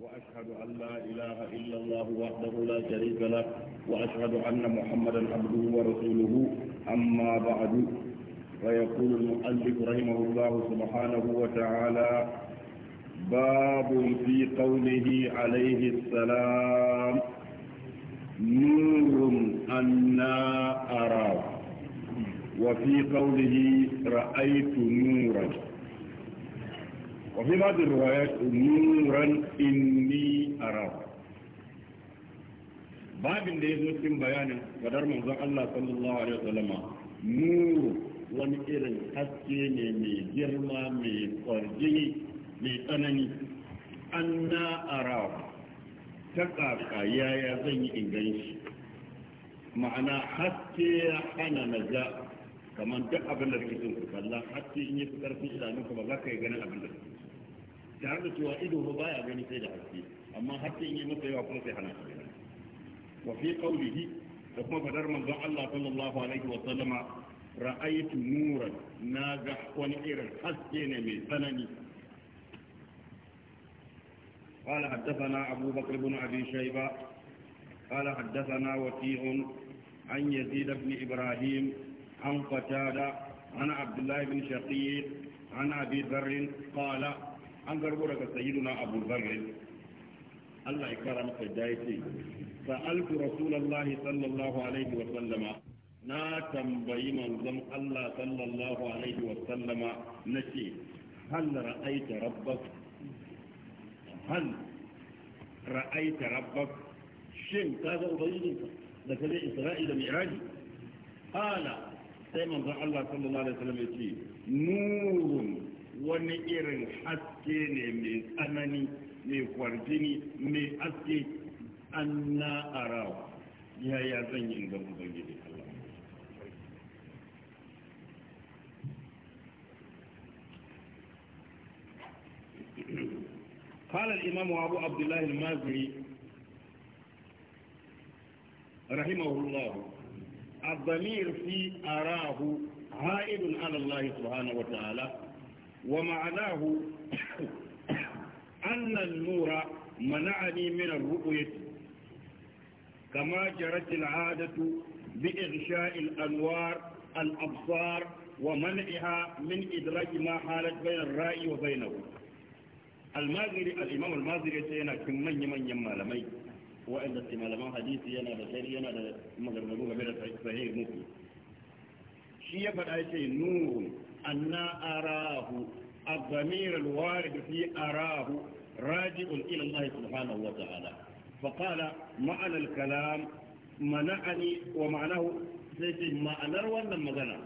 وأشهد أن لا إله إلا الله وحده لا شريك له وأشهد أن محمدا عبده ورسوله أما بعد فيقول المؤلف رحمه الله سبحانه وتعالى باب في قوله عليه السلام نور أنا أراه وفي قوله رأيت نورا وفي بعض الروايات نورا إني أراه باب اللي يزوج بيانه قدر من الله صلى الله عليه وسلم نور wani irin haske ne mai girma mai kwarji mai tsanani an na arawa ta yaya zan yi ma'ana haske ya hana na kamar duk abin da kake son ku in yi fi karfi idanun ba za ka yi ganin abin da kake tare da cewa ido ba baya gani sai da haske amma haske in yi masa yawa kuma sai hana shi wa fi qawlihi da kuma fadar manzon Allah sallallahu alaihi wa sallama ra'aytu nuran na ga wani irin haske ne mai tsanani قال حدثنا أبو بكر بن أبي شيبة قال حدثنا وكيع عن يزيد بن إبراهيم عن قتادة عن عبد الله بن شقيق عن أبي ذر قال an garbo daga sayyiduna abu zarri Allah ya kara masa da yace sa'altu rasulullahi sallallahu alaihi wa sallama na tambayi manzon Allah sallallahu alaihi wa sallama nace hal ra'aita rabbak hal ra'aita rabbak shin ka ga ubangijinka da kaje Isra'i da Mi'raji qala sai manzon Allah sallallahu alaihi wa sallam yace nurun wani irin haske ne mai tsanani mai kwarjini mai haske an na arawa yi zan yi ga ubangiji Allah قال الإمام أبو عبد الله المازري رحمه الله الضمير في أراه عائد على الله سبحانه وتعالى ومعناه أن النور منعني من الرؤية كما جرت العادة بإغشاء الأنوار الأبصار ومنعها من إدراج ما حالت بين الرأي وبينه المازري الإمام المازري سينا كم من يمن يما لمي وإن لما حديث ينا بشري ينا لما مغرمضوها بلا صحيح مسلم شيء بدأ شيء نور أنا أراه الضمير الوارد في أراه راجع إلى الله سبحانه وتعالى فقال معنى الكلام منعني ومعناه ma'anar wannan magana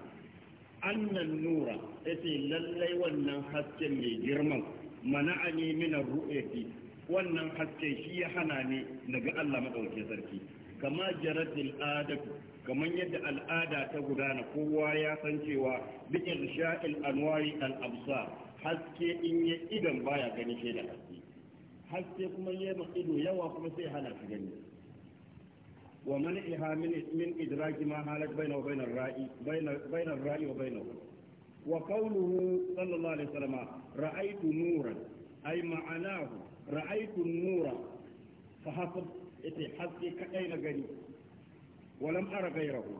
annan nura yace lallai wannan haske mai girman mana'ani min ru'yati wannan haske shi ya hana ni daga Allah madaukakin sarki kama jaratil adatu kamar yadda al'ada ta gudana kowa ya san cewa bi irsha'il anwari al absar haske in ya idan baya gani shi da haske haske kuma ya ma ido yawa kuma sai hana shi gani wa man iha min idraki ma halat bainahu bainar ra'i bainar ra'i wa bainahu wa qawluhu sallallahu alaihi wasallam ra'aytu nuran ay ma'anahu ra'aytu nuran fa hasab yace haske kadai na gani walam ara gairahu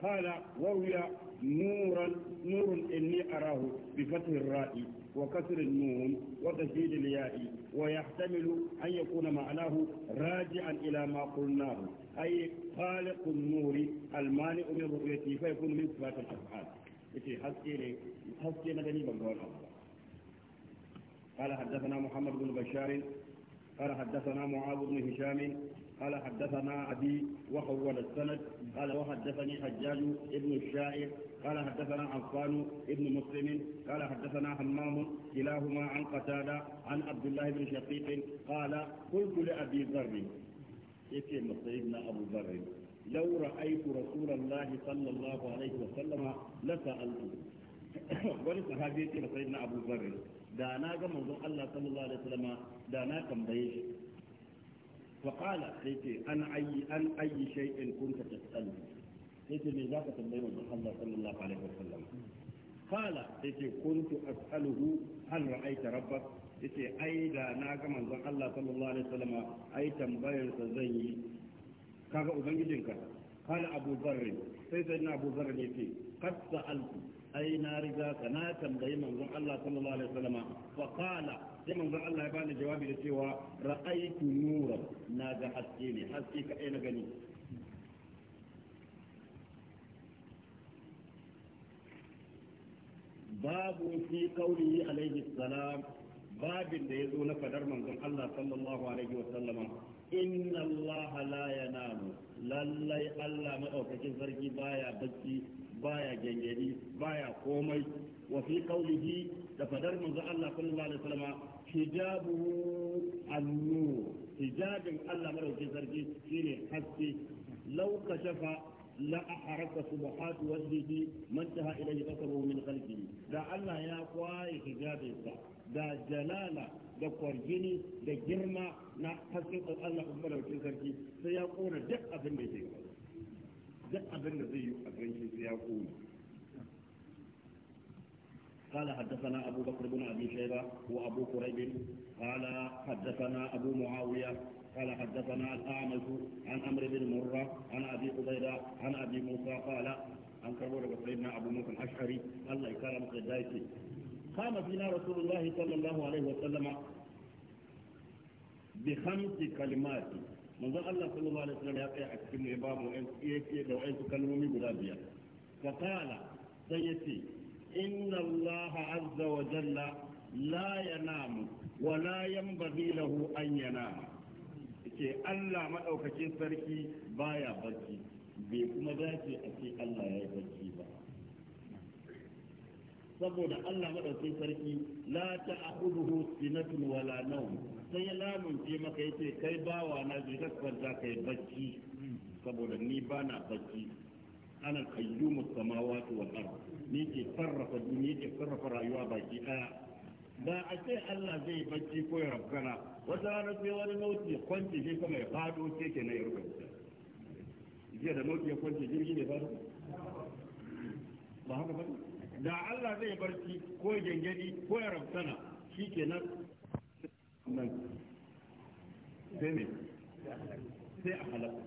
qala wa huwa nuran nurun inni arahu bi fathi ra'i wa kasr an-nun wa tashdid al-ya'i wa yahtamilu an yakuna ma'nahu raji'an ila ma qulnahu ay khaliq an-nur al-mani' min ru'yati fa yakun min sifat al-af'al yace haske ne haske na gani ban ga wannan قال حدثنا محمد بن بشار قال حدثنا معاذ بن هشام قال حدثنا أبي وحول السند قال وحدثني حجاج ابن الشاعر قال حدثنا عفان ابن مسلم قال حدثنا حمام كلاهما عن قتادة عن عبد الله بن شقيق قال قلت لأبي ذر يتم سيدنا أبو ذر لو رأيت رسول الله صلى الله عليه وسلم لسألته ولسهابيتي سيدنا أبو ذر da na ga manzon Allah sallallahu alaihi wasallam da na tambaye shi fa qala sai an ayi an ayi shay'in kunta tasalu sai ce me zaka tambaye manzon Allah sallallahu alaihi wasallam qala sai ce kuntu as'aluhu hal ra'aita rabbak yace ai da na ga manzon Allah sallallahu alaihi wasallam ai tambayar sa zan yi kaga ubangijinka qala abu dharr sai sai na abu dharr ne ce qad sa'altu ai na riga ka na tambayi manzon Allah sallallahu alaihi wasallam fa qala sai manzon Allah ya bani jawabi da cewa ra'aytu nuran na ga haske ne haske ka ai na gani babu fi qawlihi alaihi salam babin da yazo na fadar manzon Allah sallallahu alaihi wasallam inna Allah la yanamu lallai Allah madaukakin sarki baya bacci baya gengedi baya komai wa fi qawlihi da fadar manzo Allah sallallahu alaihi wasallam hijabu annu hijabin Allah maraukin sarki shine haske law kashafa aharaka subahat wajhihi man taha ilayhi إليه min من da Allah ya kwaye hijabin sa da jalala da kwargini da girma na haske Allah kuma sarki sai ya kona duk abin da yake gaba قال حدثنا أبو بكر بن أبي شيبة وأبو قريب قال حدثنا أبو معاوية قال حدثنا الأعمش عن أمر بن مرة عن أبي قبيلة عن أبي موسى قال عن كبر سيدنا أبو موسى الأشعري الله يكرم قدايته قام فينا رسول الله صلى الله عليه وسلم بخمس كلمات manzon Allah sallallahu alaihi wasallam ya tsaya a cikin mai ba mu yake da wayansu kalmomi guda biyar fa qala sai yace inna Allah azza wa jalla la yanamu wa la yanbaghi lahu an yanama Ke Allah madaukakin sarki baya barci bai kuma dace a ce Allah ya yi barci ba saboda Allah madaukin sarki la ta'khudhuhu sinatun wala nawm sai ya lamunce maka yace kai bawa na je ka kwanta kai bacci saboda ni ba na bacci ana qayyumu samawati wal ard ni ke sarrafa duniya ke sarrafa rayuwa baki daya da a ce Allah zai bacci ko ya rabkana wata rana sai wani mauti ya kwance shi kuma ya fado ce, ke na ya rubuta jiya da mauti ya kwance jirgi ne fado ba haka bane da Allah zai barci ko gengedi ko ya rabtana shi kenan nan sai ne sai a halaka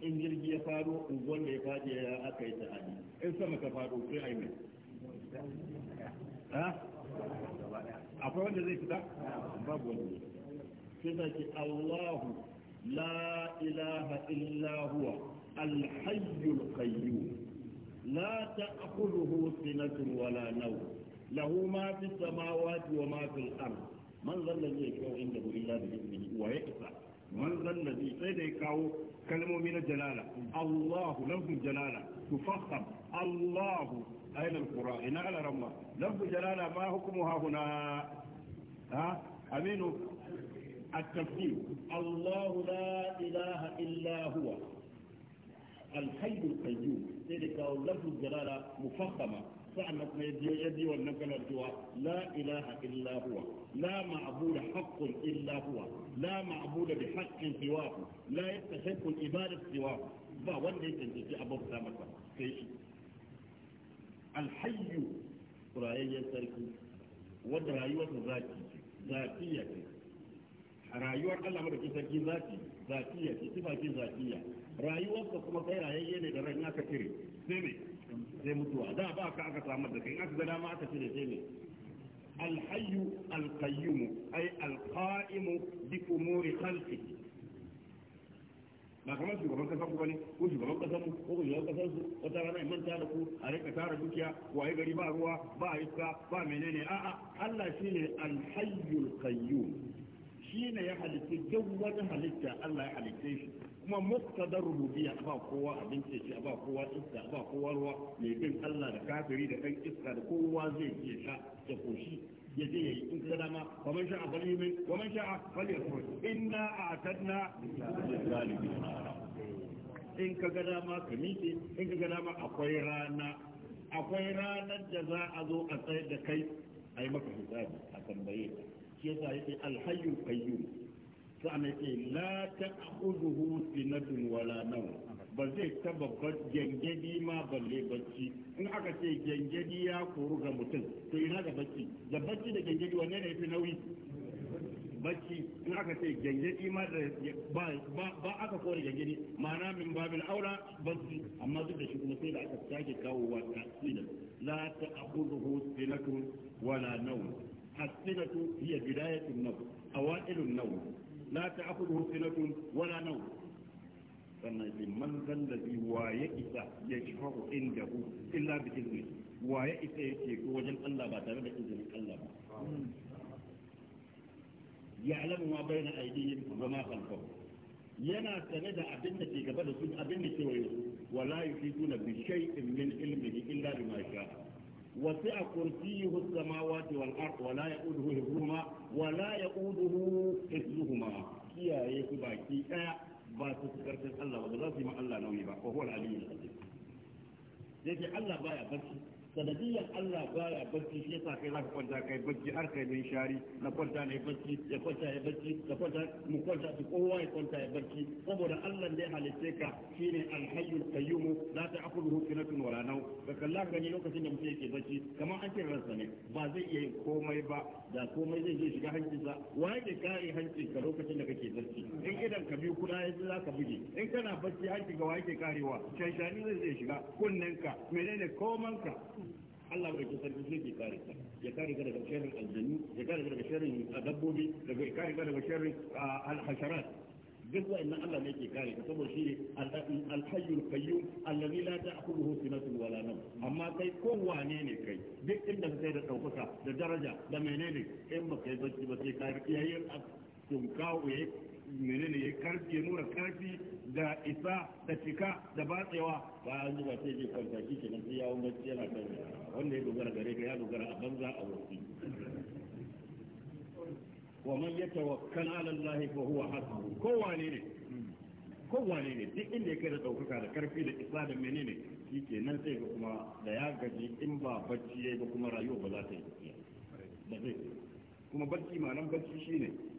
in jirgi ya faro unguwan da ya faɗi ya aka yi ta'adi in sama ka faro sai a yi mai akwai wanda zai fita babu wanda sai ta ce Allahu la ilaha illa huwa al-hayyul qayyum لا تأخذه سنة ولا نوم له ما في السماوات وما في الأرض من ذا الذي يشفع عنده إلا بإذنه ويكفى من ذا الذي سيدك كلمة من الجلالة الله لفظ الجلالة تفخم الله أين القرآن إن على رمى لفظ الجلالة ما حكمها هنا ها أمين التفسير الله لا إله إلا هو الحي القيوم ذلك لفظ الجلالة مفخمة سألنا كما يدي يدي والنقل لا إله إلا هو لا معبود حق إلا هو لا معبود بحق سواه لا يستحق العبادة سواه ba wanda ya cancanci abauta masa sai shi alhayyu rayayyen sarki wanda rayuwarsa zaki zaki ya rayuwar zakiya ce sifa ce zakiya rayuwarka kuma kai rayayye ne da ran aka cire sai me sai mutuwa da ba ka aka samar da kai aka ga dama aka cire sai me الحي القيوم أي القائم بأمور خلقه ba kamar shugaban kasa ku bane ko shugaban kasa ku ko shugaban kasar su wata rana manta da ku a rika tara dukiya waye gari ba ruwa ba iska ba menene a'a Allah shine al shi ya halitta duk wani halitta Allah ya halitta shi kuma muqtadar rububiyya ba kowa abinci shi ba kowa iska ba kowa ruwa mai bin Allah da kafiri da kan iska da kowa zai iya sha da koshi ya je yayi in ka dama wa man sha'a falyumin wa man sha'a falyakfur inna a'tadna lizalimin in ka ga dama ka miƙe in ka ga dama akwai rana akwai ranar da za a zo a tsayar da kai a yi maka hisabi a tambaye ka shi yasa yake alhayyul qayyum sa'an yake la ta'khudhuhu sinatun wala naw ba zai taba gengedi ma balle bacci in aka ce gengedi ya koru ga mutum to ina ga bacci da bacci da gengedi wanne ne yafi nauyi bacci in aka ce gengedi ma da ba ba aka kore gengedi ma'ana min babil aula bacci amma duk da shi kuma sai da aka sake kawo wa tasila la ta'khudhuhu sinatun wala naw السنة هي بداية النوم أوائل النوم لا تأخذه سنة ولا نوم sannan ce man zallabi wa ya isa ya shafa inda hu illa bi izini isa ya ce ko wajen Allah ba tare da izinin Allah ba ya alamu ma bayyana aidihim wa ma khalfahu yana sane da abin ke gaba da su abin ke wayo wala yufituna bi shay'in min ilmihi illa bima وسع كرسيه السماوات والأرض ولا يؤوده حفظهما ولا يؤوده حفظهما كيا يكبا كيا ba su karfin Allah ba za su yi ma Allah nauyi ba ko huwa aliyu yake Allah baya barci sanadiyan Allah baya bacci shi yasa kai zaka kwanta kai bacci har kai min shari na kwanta ne bacci ya kwanta ya bacci da kwanta mu kwanta su kowa ya kwanta ya bacci saboda Allah ne halitta ka shine al za qayyum la ta'khudhuhu sinatun wala nawm ka kallan gani lokacin da mutum yake bacci kamar an ce ransa ne ba zai iya yin komai ba da komai zai je shiga hancinsa waye ke kare hancin ka lokacin da kake bacci in idan ka biyu kuda yanzu ka buge in kana bacci hancin ka waye ke karewa shanshani zai zai shiga kunnen ka menene komanka Allah mai sarki zai ke kare ka ya kare ka daga sharrin aljanu ya kare ka daga sharrin dabbobi daga ya kare ka daga sharrin al-hasharat duk wa'annan Allah ne ke kare ka saboda shi al-hayyul qayyum allazi la ta'khudhuhu sinatun wala nawm amma kai ko wane ne kai duk inda ka kai da daukaka da daraja da menene in ba kai bacci ba sai ka riyayen tunkawo yayi menene ya karfi ya nuna karfi da isa da cika da batsewa ba a zuba sai zai kwanta shi ke nan sai ya wanda bacci yana kan wanda ya dogara gare ka ya dogara a banza a wasi wa man yatawakkal ala allahi fa huwa hasbuh kowane ne kowane ne duk inda yake da daukaka da karfi da isa da menene shi ke nan sai ga kuma da ya gaji in ba bacci yayi ba kuma rayuwa ba za ta yi tafiya zai kuma bacci ma nan bacci shine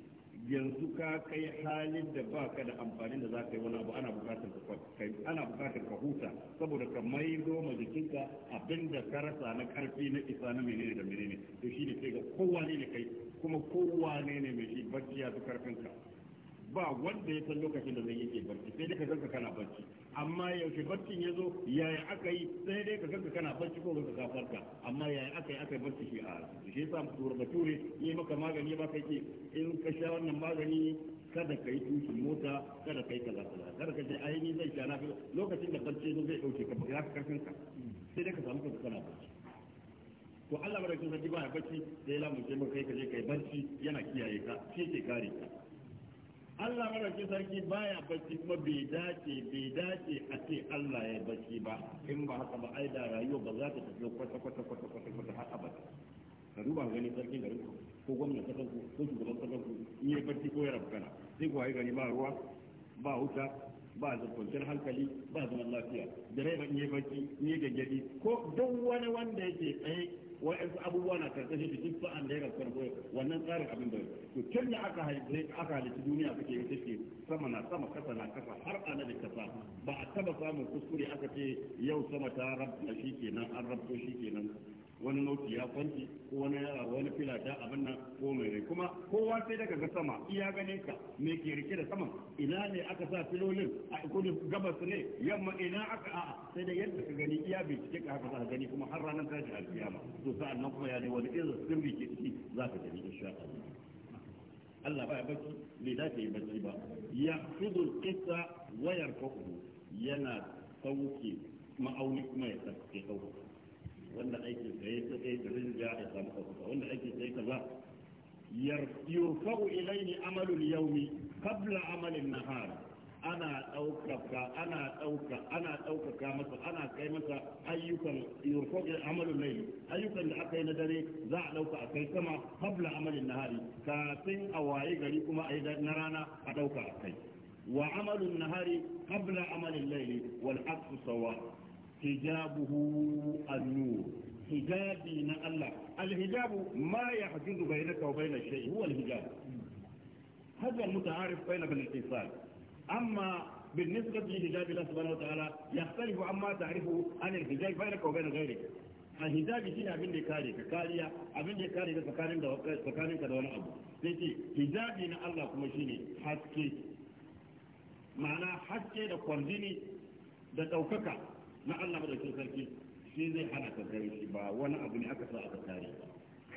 yanzu ka kai halin da ba ka da amfani da za ka yi wani abu ana bukatar ka ana bukatar ka huta saboda ka maido ma jikinka abin da ka rasa na karfi na isa na menene da menene to shi ne sai ga kowane ne kai kuma kowa ne mai shi bacciya su karfin ka. ba wanda ya san lokacin da zai yake barci sai dai ka ganka kana barci amma yaushe barcin ya zo yaya aka yi sai dai ka ganka kana barci ko ka ka farka amma yaya aka yi aka yi barci shi a shi yasa tura bature ya maka magani ba kai ke in ka sha wannan magani kada ka yi tushen mota kada ka yi kaza kaza kada ka a ai ni zai sha na lokacin da barci zo zai ɗauke ka ya fi karfin ka sai dai ka samu kanka kana barci to Allah barakin ji ba ya barci sai lamun sai kai ka je kai barci yana kiyaye ka shi ke kare ka Allah ke sarki baya bacci kuma bai dace bai dace a ce Allah ya bacci ba in ba haka ba ai da rayuwa ba za ta tafi kwata kwata kwata kwata kwata har abada ka duba gani sarkin garin ku ko gwamnati ta kanku ko shugaban kasar kanku in ya bacci ko ya rabkana sai ku hayi gani ba ruwa ba wuta ba kwanciyar hankali ba zaman lafiya ba in ya bacci in ya gaggadi ko duk wani wanda yake tsaye wa'ansu abubuwa na karkashin shi duk sa'an da ya rasu karbo wannan tsarin abin da to can da aka halitta aka halitta duniya kake yi take sama na sama kasa na kasa har a da kasa ba a taba samun kuskure aka ce yau sama ta rabta shi kenan an rabto shi kenan wani noti ya kwanci ko wani yara wani filata abin nan ko mai rai kuma kowa sai daga ga sama iya ganin ka me ke rike da saman ina ne aka sa filolin a kudu gabas ne yamma ina aka a sai da yadda ka gani iya bincike ka haka za gani kuma har ranar tashi alkiyama to sa'an nan kuma ya ne wani irin sun ciki za ka gani insha Allah Allah ba ya bacci bai dace yi bacci ba ya fidul kisa wayar kwakwu yana sauke ma'auni kuma ya sauke sauke wannan aikin sai ta kai da rinja ya samu ɗaukaka wannan aikin sai kaza yurfa'u ilayni amalul yawmi qabla amalin nahar ana ɗaukaka ana dauka ana ɗaukaka masa ana kai masa ayyukan yurfokin amalin layli, ayyukan da aka yi na dare za a ɗauka a kai sama qabla amalin nahari kafin a waye gari kuma a yi na rana a ɗauka a kai wa amalin nahari qabla amalin layli, wal aqsu sawa حجابه النور حجابي نا الله الحجاب ما يحجز بينك وبين الشيء هو الحجاب هذا المتعارف بين بالاتصال أما بالنسبة لحجاب الله سبحانه وتعالى يختلف عما تعرفه عن الحجاب بينك وبين غيرك الحجاب shi ne abin كاريا ya kare ka kariya abin da ya kare ka كمشيني da كمشيني حكي da wani abu sai ce na Allah madaukin sarki shi zai hana ka gani shi ba wani abu ne aka sa aka kare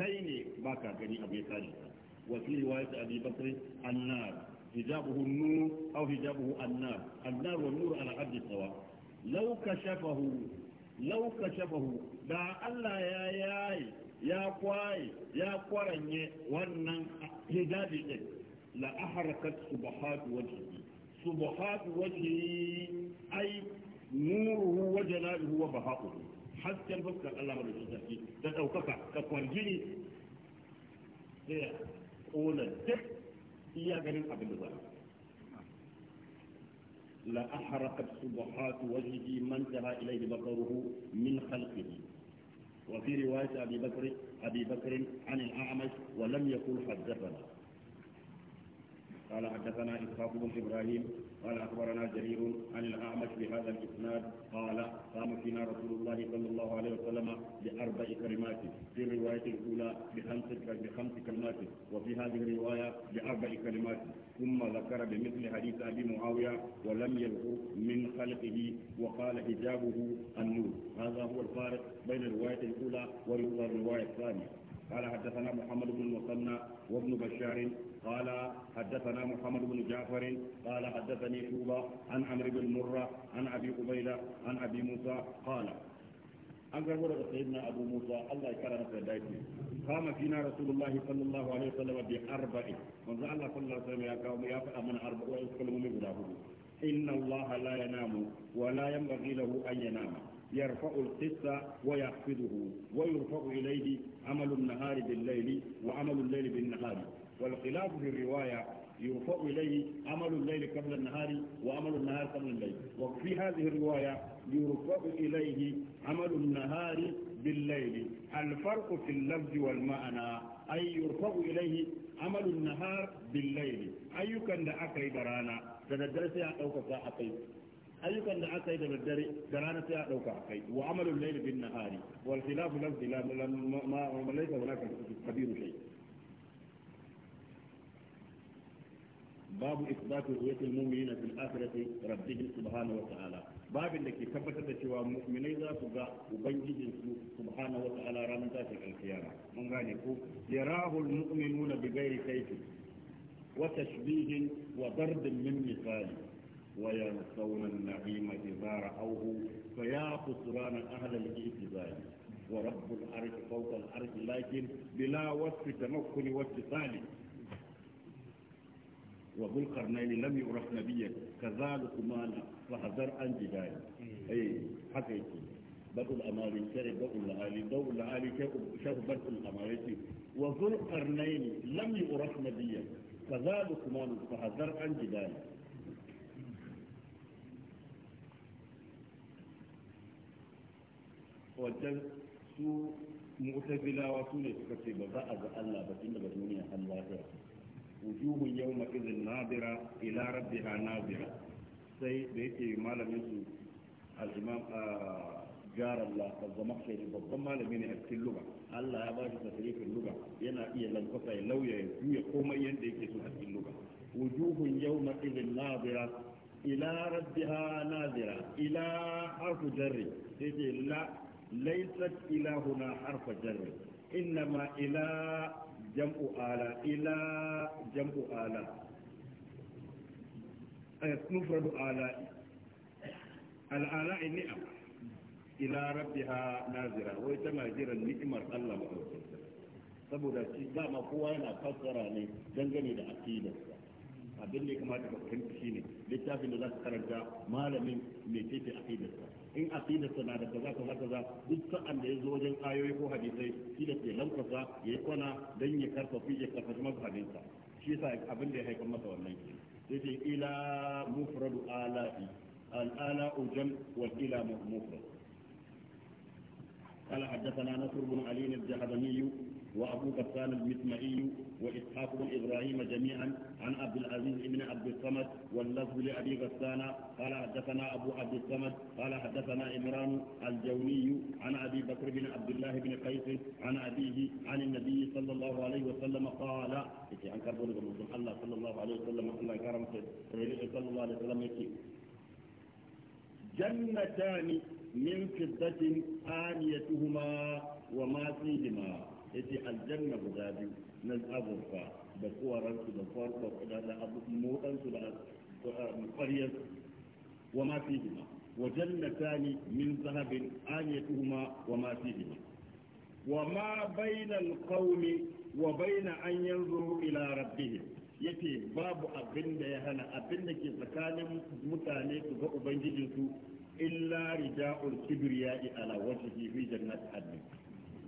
kai ne ba ka gani abu ya kare ka wa fi riwayat abi bakri annar hijabuhu nur aw hijabuhu annar annar wa nur ala abdi sawa law kashafahu law kashafahu da Allah ya yayi ya kwaye ya kwaranye wannan hijabi din la aharakat subahat wajhi subahat wajhi ai نوره وجلاله وبهاؤه حتى البكر الله رب العزيز تتوقف تقول جيني هي قول الدك يا غريب عبد الله لا أحرقت سبحات وجهه ما انتهى إليه بقره من خلقه وفي رواية أبي بكر أبي بكر عن الأعمش ولم يقل حدثنا قال حدثنا إسحاق بن إبراهيم قال أخبرنا جرير عن الأعمش بهذا الإسناد قال قام فينا رسول الله صلى الله عليه وسلم بأربع كلمات في الرواية الأولى بخمس بخمس كلمات وفي هذه الرواية بأربع كلمات ثم ذكر بمثل حديث أبي معاوية ولم يذكر من خلقه وقال حجابه النور هذا هو الفارق بين الرواية الأولى والرواية الثانية قال حدثنا محمد بن المثنى وابن بشار قال حدثنا محمد بن جعفر قال حدثني شوبة عن عمرو بن مرة عن أبي قبيلة عن أبي موسى قال an karbo daga sayyidina abu musa allah ya kara masa kama fina rasulullahi sallallahu alaihi wasallam bi arba'in manzo allah sallallahu alaihi wasallam ya kawo ya faɗa mana arba'u wa kullu guda hudu inna allah la yanamu wa la yanbaghi يرفع القسط ويحفظه ويرفع إليه عمل النهار بالليل وعمل الليل بالنهار والخلاف في الرواية يرفع إليه عمل الليل قبل النهار وعمل النهار قبل الليل وفي هذه الرواية يرفع إليه عمل النهار بالليل الفرق في اللفظ والمعنى أي يرفع إليه عمل النهار بالليل أي كان دعك برانا تدرسها أو كفاء ayyukan da aka yi da daddare da rana sai a ɗauka dauka akai wa amalul layli bin nahari wal khilafu lam khilaf ma laysa hunaka kabiru shay babu isbatu ruyatul mu'minina fil akhirati rabbihim subhanahu wa ta'ala babin da ke tabbatar da cewa mu'minai za su ga ubangijin su subhanahu wa ta'ala ranar tashin alkiyama mun gane ko yarahul mu'minuna bi ghairi kayfi wa tashbihin wa dardin min misali وينسون النعيم إذا رأوه فيا خسران أهل الإعتزال ورب العرش فوق العرش لكن بلا وصف تمكن واتصال وذو القرنين لم يعرف نبيا كذلك ما فحذر عن جدال اي حقيقة بدء الأمال شيء بدء العالي ضوء العالي شيء بدء الاماري وذو القرنين لم يعرف نبيا كذلك ما فحذر عن جدال wancan su mu'tazilawa su ne suka ce ba za a ga Allah ba tunda ba duniya Allah ta wujuhun yawma idhin nadira ila Rabbi rabbiha nadira sai da yake malamin su al-imam جار الله الزمخشري babban malami ne a cikin luga Allah ya bashi tasrifin luga yana iya lankwasa ya lauya ya juya komai yanda yake so a cikin luga wujuhun yawma idhin nadira ila Rabbi rabbiha nadira ila harfu jarri sai ce la laysat ilahuna harfa jarri innama ila jam'u ala ila jam'u ala ay mufradu ala al ala ni'am ila rabbiha nazira wai tana jiran ni'imar Allah madaukakin saboda shi dama kowa yana fassara ne dangane da aqidarsa abin da ya kamata ka fahimta ne littafin da za ka karanta malamin mecece aƙidarsa in aƙidarsa na da kaza kaza kaza duk sa'an da ya zo wajen ayoyi ko hadisai shi da ke lankwasa ya yi kwana don ya karfafi ya karfafi mazhabinsa shi yasa abin da ya haifar masa wannan ke sai ce ila mufradu ala'i al'ala ujan wa ila mufrad قال حدثنا نصر بن علي الجهضمي وابو بكر المسمعي وإسحاق بن إبراهيم جميعا عن عبد العزيز بن عبد الصمد واللفظ لأبي غسان قال حدثنا أبو عبد الصمد قال حدثنا إمران الجوني عن أبي بكر بن عبد الله بن قيس عن أبيه عن النبي صلى الله عليه وسلم قال في عن كربون الله صلى الله عليه وسلم الله كرم صلى الله عليه وسلم يكي جنتان من فضة آنيتهما وما فيهما yace aljanna guda biyu na azurfa da kowaransu da kwarba da da abu motsansu da ƙwaryar wa ma fi hima wa jannatani min zahabin aniyatuhuma wa ma fi hima wa ma bainal qaumi wa baina an yanzuru ila rabbihim yace babu abin da ya hana abin da ke tsakanin mutane su ga ubangijinsu illa rida'ul kibriya ala wajhihi fi jannati adnin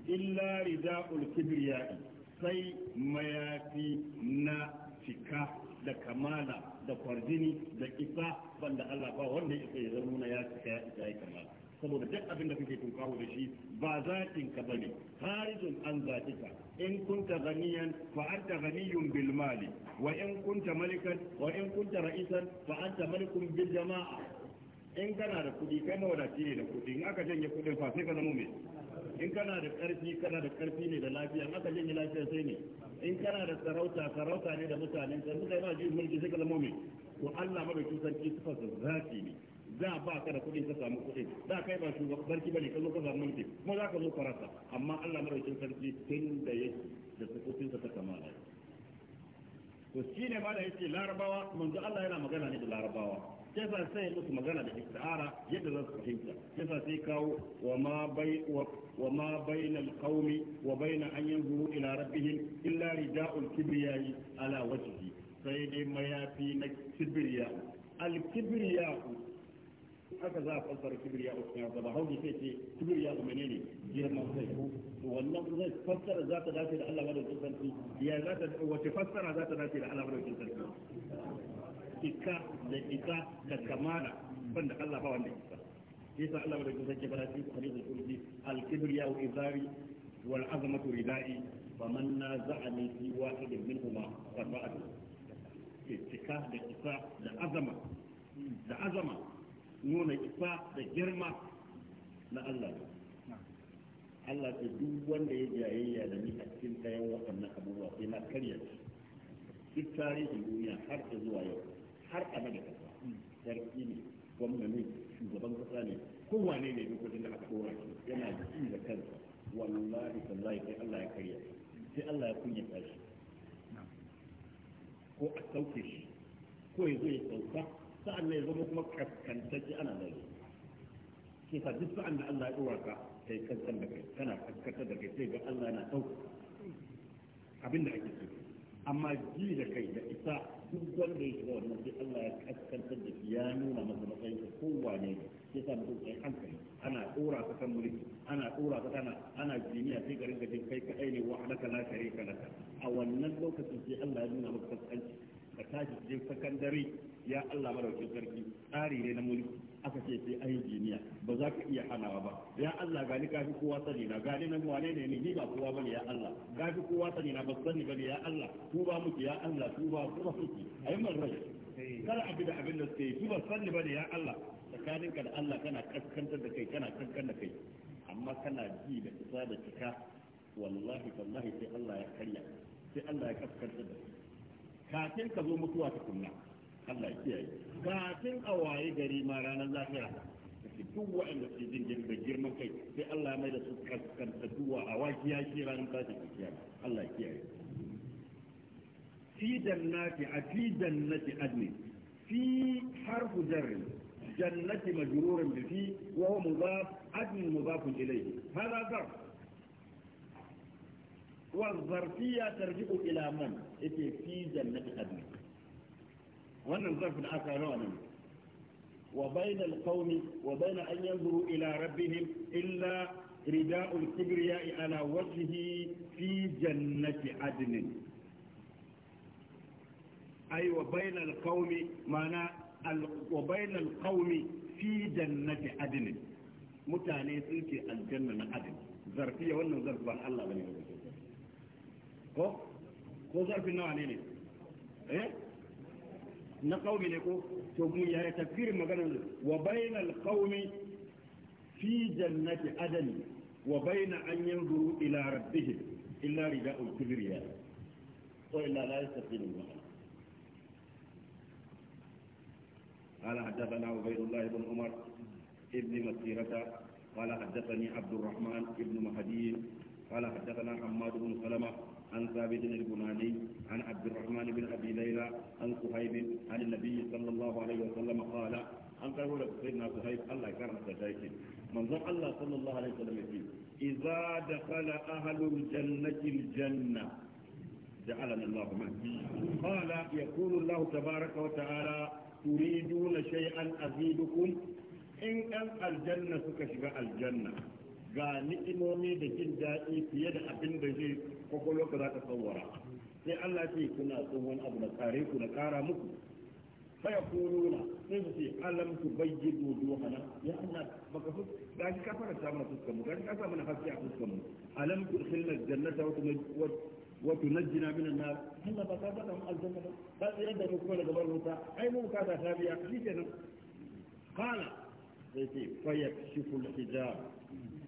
illa rida'ul kibriyai sai mayafi na cika da kamala da kwarjini da isa banda Allah ba wanda isa ya zama ya cika ya isa ya kamala saboda duk abin da kake tunkawo da shi ba zatin ka bane harijun an zatika in kunta ganiyan fa anta ganiyun bil mali wa in kunta malikan wa in kunta ra'isan fa anta malikun bil jama'a in kana da kuɗi kai mawadaci ne da kuɗi in aka janye kuɗin fa sai ka zama mai in kana da ƙarfi kana da ƙarfi ne da lafiya in aka janye lafiya sai ne in kana da sarauta sarauta ne da mutanen ka suka yi ma mulki sai ka zama mai to Allah madaukin sarki sifarsa zaki ne za ba ka da kuɗin ka samu kuɗi da kai ba shugaban barki bane ka zo ka samu mulki kuma za ka zo farasa amma Allah san sarki tun da yake da sifofin sa ta kamala to shine ma da yake larabawa manzo Allah yana magana ne da larabawa yasa sai musu magana da istiara yadda za su fahimta sai yasa sai kawo wa ma bai wa ma bayna alqaumi wa bayna an yanzuru ila rabbihim illa rida'ul kibriya ala wajhi sai dai mayafi na kibriya al kibriya haka za a fassara kibriya uku ya zaba hauki sai ce kibriya uku menene girman zai ko wannan zai fassara za ta dace da Allah madaukakin sarki ya za ta wace fassara za ta dace da Allah madaukakin sarki cika da isa da kamala banda Allah ba wanda isa isa Allah da kusa ke bada cikin hadisul kursi al-kibriya wa izari wal azmatu ridai fa man naza'ani fi wahidin minhuma fa ba'du cika da isa da azama da azama nuna isa da girma na Allah Allah ta duk wanda ya jayayya da ni a cikin kayan waɗannan abubuwa sai na karya shi duk tarihin duniya har da zuwa yau har kama da kasa sarki ne gwamna ne shugaban kasa ne kowane ne lokacin da aka dora shi yana ji da kansa wallahi tallahi sai Allah ya karya sai Allah ya kunyata shi ko a sauke shi ko ya zo ya sauka sa'an nan ya zama kuma kaskantacce ana nan shi sa duk sa'an da Allah ya dora ka kai kankan da kai kana kaskata da kai sai ga Allah yana sauka abin da ake so amma ji da kai da isa duk wanda ya shiga wannan sai Allah ya kaskantar da shi ya nuna masa matsayin ka kowane ne sai sa mutum kai hankali ana tsora ka kan mulki ana tsora ka kana ana jiniya sai garin gajin kai kadai ne wa halaka la sharika laka a wannan lokacin sai Allah ya nuna maka kaskanci ka tashi cikin sakandare ya Allah madaukin sarki tsari ne na mulki aka ce sai an yi jiniya ba za ka iya hanawa ba ya Allah ni kafi kowa sani na ni nan wane ne ni ba kowa bane ya Allah gafi kowa sani na ba sani bane ya Allah ba muke ya Allah ba kuma suke ayi man rai eh. kar abi da abin da suke yi ba sani bane ya Allah ka da Allah kana kaskantar da kai kana kankan da kai amma kana ji da isa da cika wallahi wallahi sai Allah ya karya sai Allah ya kaskantar da kai kafin ka zo mutuwa ta kunna Allah kiyaye kafin a waye gari ma ranar lahira duk waɗanda su jin girma girman kai sai Allah ya mai da su kaskanta duwa a waki ya kira nan ta tafiya Allah kiyaye fi jannati a fi jannati adni fi harfu jarri jannati majrurun bi fi wa huwa mudaf adni mudafun ilayhi hada zarf والظرفية ترجع إلى من؟ في جنة أدنى wannan zarfin aka nawa وبين القوم وبين أن ينظروا إلى ربهم إلا رداء الكبرياء على وجهه في جنة عدن أي وبين القوم معنى وبين القوم في جنة عدن متعني سلك الجنة عدن ظرفية ولا ظرف بان الله بني هو ظرف النوع إيه na qaumi ne ko to mu yare tafsirin maganar wa bainal qaumi fi jannati adani wa baina an yanzuru ila rabbihim illa rida'ul kibriya wa illa la yastaqilun قال حدثنا عبيد الله بن عمر ابن مسيرة قال حدثني عبد الرحمن بن مهدي قال حدثنا حماد بن سلمة عن ثابت البناني عن عبد الرحمن بن أبي ليلى عن صهيب عن النبي صلى الله عليه وسلم قال an karbo daga sayyidina Suhaib Allah ya karanta da shi manzon Allah sallallahu alaihi wasallam yake idza dakhala ahlul jannati aljanna ja'alana Allah ma qala yaqulu Allah tabaaraka wa ta'ala turiduna shay'an azidukum in kan aljanna suka shiga aljanna ga ni'imomi da jin daɗi fiye da abin da zai kwakwalwa ka za ka tsawara sai Allah ce kuna tsohon abu da kare ku da kara muku faya na, sai su ce alam tu bayyi dodo hana ya Allah baka su ga shi ka faranta mana fuskar mu ga shi ka sa mana haske a fuskar mu alam tu khilna jannata wa wa tunajjina minan nar Allah ba ka faɗa mu aljanna ba ba tsira da mu kuma da bar wuta ai mu ka ta biya shi kenan qala sai ce fayakshifu al-hijab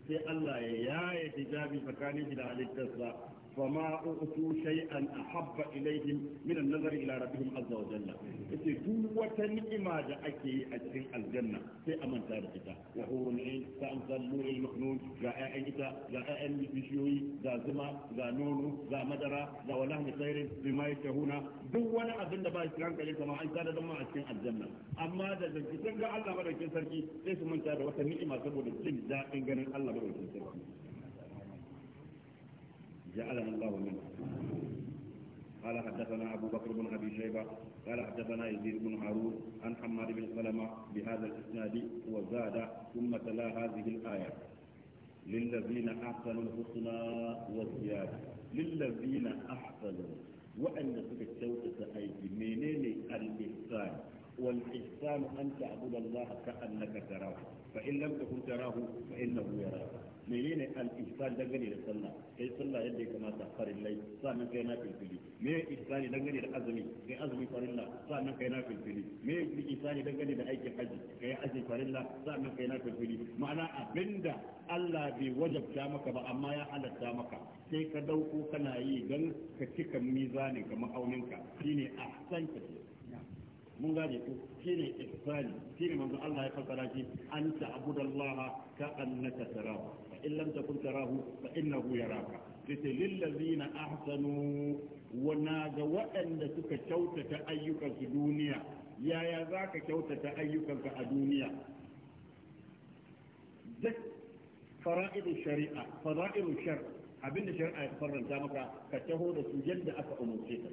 sai Allah ya yaye hijabi tsakanin shi da halittarsa فما أؤتوا شيئا أحب إليهم من النظر إلى ربهم عز وجل إذا دوة نعمة أكي أجل الجنة في أمن تاركتا وحور العين فأنزل نور المخنون لا أعيدا لا أعين بشيوي ذا زما ذا نونو ذا مدرة ذا ولهم خير بما يشهون دوة أبن دبا إسلام كليسا ما أنت هذا دماء أجل الجنة أما ذا ذا كتنجا الله مدى كنسركي ليس من تاركتا وتنعمة سبب الجن ذا إنجان الله مدى كنسركي جعلنا الله منه قال حدثنا أبو بكر بن أبي شيبة قال حدثنا يزيد بن هارون عن حماد بن سلمة بهذا الإسناد وزاد ثم تلا هذه الآية للذين أحسنوا الحسنى والزيادة للذين أحسنوا وأن تكتوت أيدي منين الإحسان والإحسان أن تعبد الله كأنك تراه فإن لم تكن تراه فإنه يراك menene al-ihsan dangane da sallah kai sallah yadda ya kamata farillai sannan kai na filfili me ihsani dangane da azumi kai azumi farilla sannan kai na filfili me ihsani dangane da aikin haji kai haji farilla sannan kai na filfili ma'ana abinda Allah bai wajabta maka ba amma ya halatta maka sai ka dauko kana yi don ka cika mizanin ka ma'auninka shine ahsan ka mun gane ko shine ihsani shine manzo Allah ya fassara shi An anta abudallaha ka annaka tarahu in lam takun tarahu fa suka kyautata ayyukansu duniya yaya za ka kyautata ayyukanka a duniya duk fara'idu shari'a fara'idu shar abinda shari'a ya faranta maka ka taho da su yadda aka umarce ka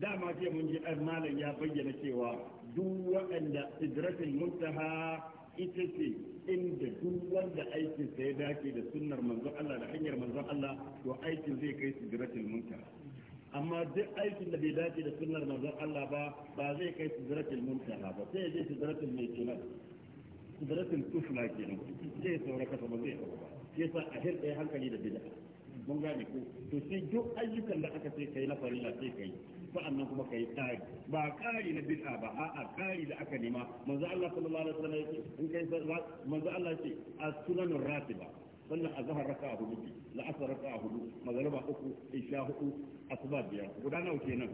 dama ce mun ji malam ya bayyana cewa duk waɗanda sidratul muntaha ita ce inda duk wanda aikin sa ya dace da sunnar manzon Allah da hanyar manzon Allah to aikin zai kai su sijiratul munkar amma duk aikin da bai dace da sunnar manzon Allah ba ba zai kai su sijiratul munkar ba sai ya je sijiratul mai kenan sijiratul tufla kenan sai saura kasa ba zai ba yasa a hirɗe hankali da bid'a mun gane ko to sai duk ayyukan da aka sai kai na farilla sai kai sa'annan kuma kai tsari ba kari na bid'a ba a'a kari da aka nema manzo Allah sallallahu alaihi wasallam yake in kai manzo Allah yake as-sunanur ratiba sannan azhar raka'a hudu la'asar raka'a hudu magaraba uku isha hudu asuba biyar guda nawa kenan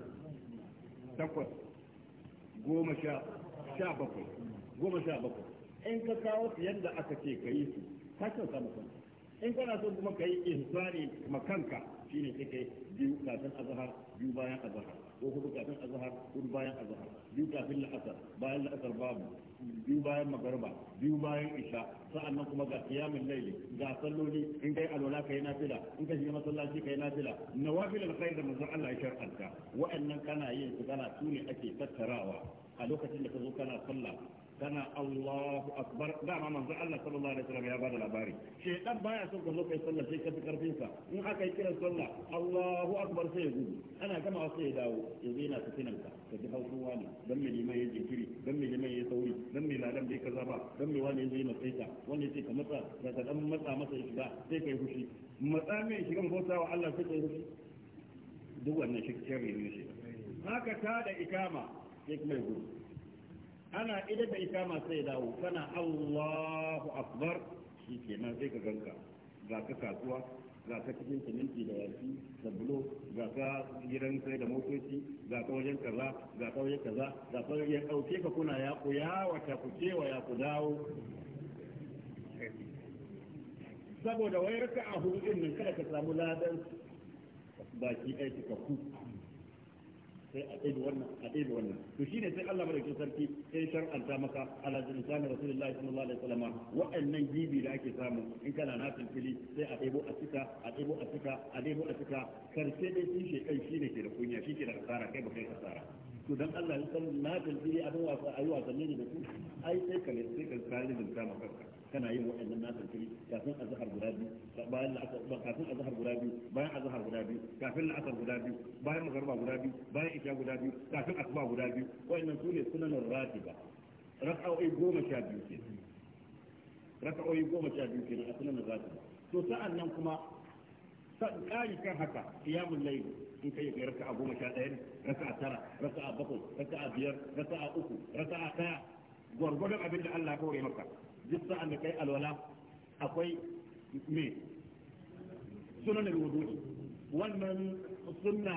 takwas goma sha sha bakwai goma sha bakwai in ka kawo su yadda aka ce ka yi su ka kyauta musamman in kana so kuma kai ihsani ma kanka shine sai kai biyu kafin azhar biyu bayan azhar ko hudu kafin azhar hudu bayan azhar biyu kafin la'asar bayan la'asar babu biyu bayan magarba biyu bayan isha sa'annan kuma ga qiyamul layli ga salloli in kai alwala kai nafila in kai masallaci kai nafila nawafilul khair da manzon Allah ya shar'anta wa'annan kana yin su kana tuni ake tattarawa a lokacin da ka zo kana sallah kana Allahu akbar dama manzo Allah sallallahu alaihi wasallam ya bada labari shedan baya son ka zo kai sallah sai ka fi karfin ka in aka yi kiran sallah Allahu akbar sai ya ana gama sai ya dawo ya zo yana tafinan ka ka ji hausun wani dan me liman ya jinkiri dan me liman ya sauri dan me ladan bai kaza ba dan me wani ya matsayi ka wani sai ka matsa da ka dan matsa masa ya shiga sai kai fushi matsa mai shiga bauta wa Allah sai kai fushi duk wannan shi ne shi haka ta da ikama sai kuma ya gudu ana idan da ita masu sai dawo kana Allahu akbar shi nan sai ka ganka ga ka kasuwa ga ka cikin siminti da yanki da bulo ga ka gidan sai da motoci ga ka wajen kaza ga ka wajen kaza ga ka ya dauke ka kuna ya ku ya wata ku cewa ya ku dawo saboda wayar ka a hudu din nan kada ka samu ladan baki ɗaya ka ku sai a ɗebe wannan a ɗebe wannan to shine sai Allah madauki sarki sai shar'anta maka ala lisan rasulullahi sallallahu alaihi wasallam wa'annan gibi da ake samu in kana na fili sai a ɗebo a cika a ɗebo a cika a ɗebo a cika karshe dai shi shi kai shine ke da kunya shi ke da asara kai ba kai asara to dan Allah ya san na fili abin wasa ayi wasanni da ku ai sai ka ne sai ka kare da maka kana yin waɗannan nasan kiri kafin azhar guda biyu bayan la'asar kafin azhar guda biyu bayan azhar guda biyu kafin la'asar guda biyu bayan magariba guda biyu bayan isha guda biyu kafin asuba guda biyu waɗannan sune sunanar ratiba raka'o'i goma sha biyu ke raka'o'i goma sha biyu ke a sunanar ratiba to sa'an nan kuma ƙari kan haka kiyamun layu in kai kai raka'a goma sha ɗaya raka'a tara raka'a bakwai raka'a biyar raka'a uku raka'a ɗaya gwargwadon abin da Allah ya kore maka duk sa'an da kai alwala akwai me sunan al wannan sunna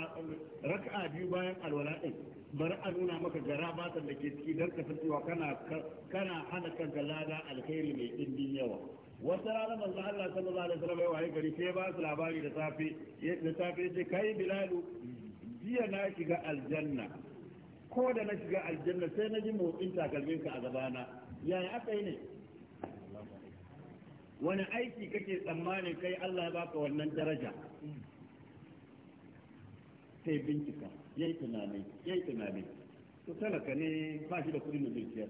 raka'a biyu bayan alwala din bari a nuna maka gara batar da ke ciki don kasancewa kana kana hana kanka lada alkhairi mai indin yawa wata rana manzo Allah sallallahu alaihi wasallam ya gari sai ba su labari da safe da safe kai jiya na shiga aljanna ko da na shiga aljanna sai na ji motsin takalmin a gabana yaya aka yi ne wani aiki kake tsammanin kai Allah ya baka wannan daraja sai bincika yayi tunani yayi to talaka ne ba shi da kudin da zai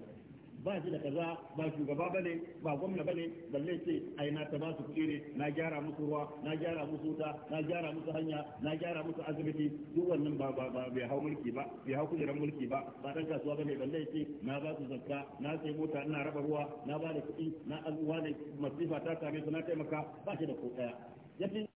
ba shi da kaza ba shugaba bane ba gwamna ba ne balle ce ai na ta ba su kuɗi ne na gyara musu ruwa na gyara musu wuta na gyara musu hanya na gyara musu asibiti duk wannan ba ba ba bai hau mulki ba bai hau kujerar mulki ba ba dan kasuwa ne balle ce na ba su zakka na sai mota ina raba ruwa na ba da kuɗi na azuwa ne masifa ta same su na taimaka ba shi da ko ɗaya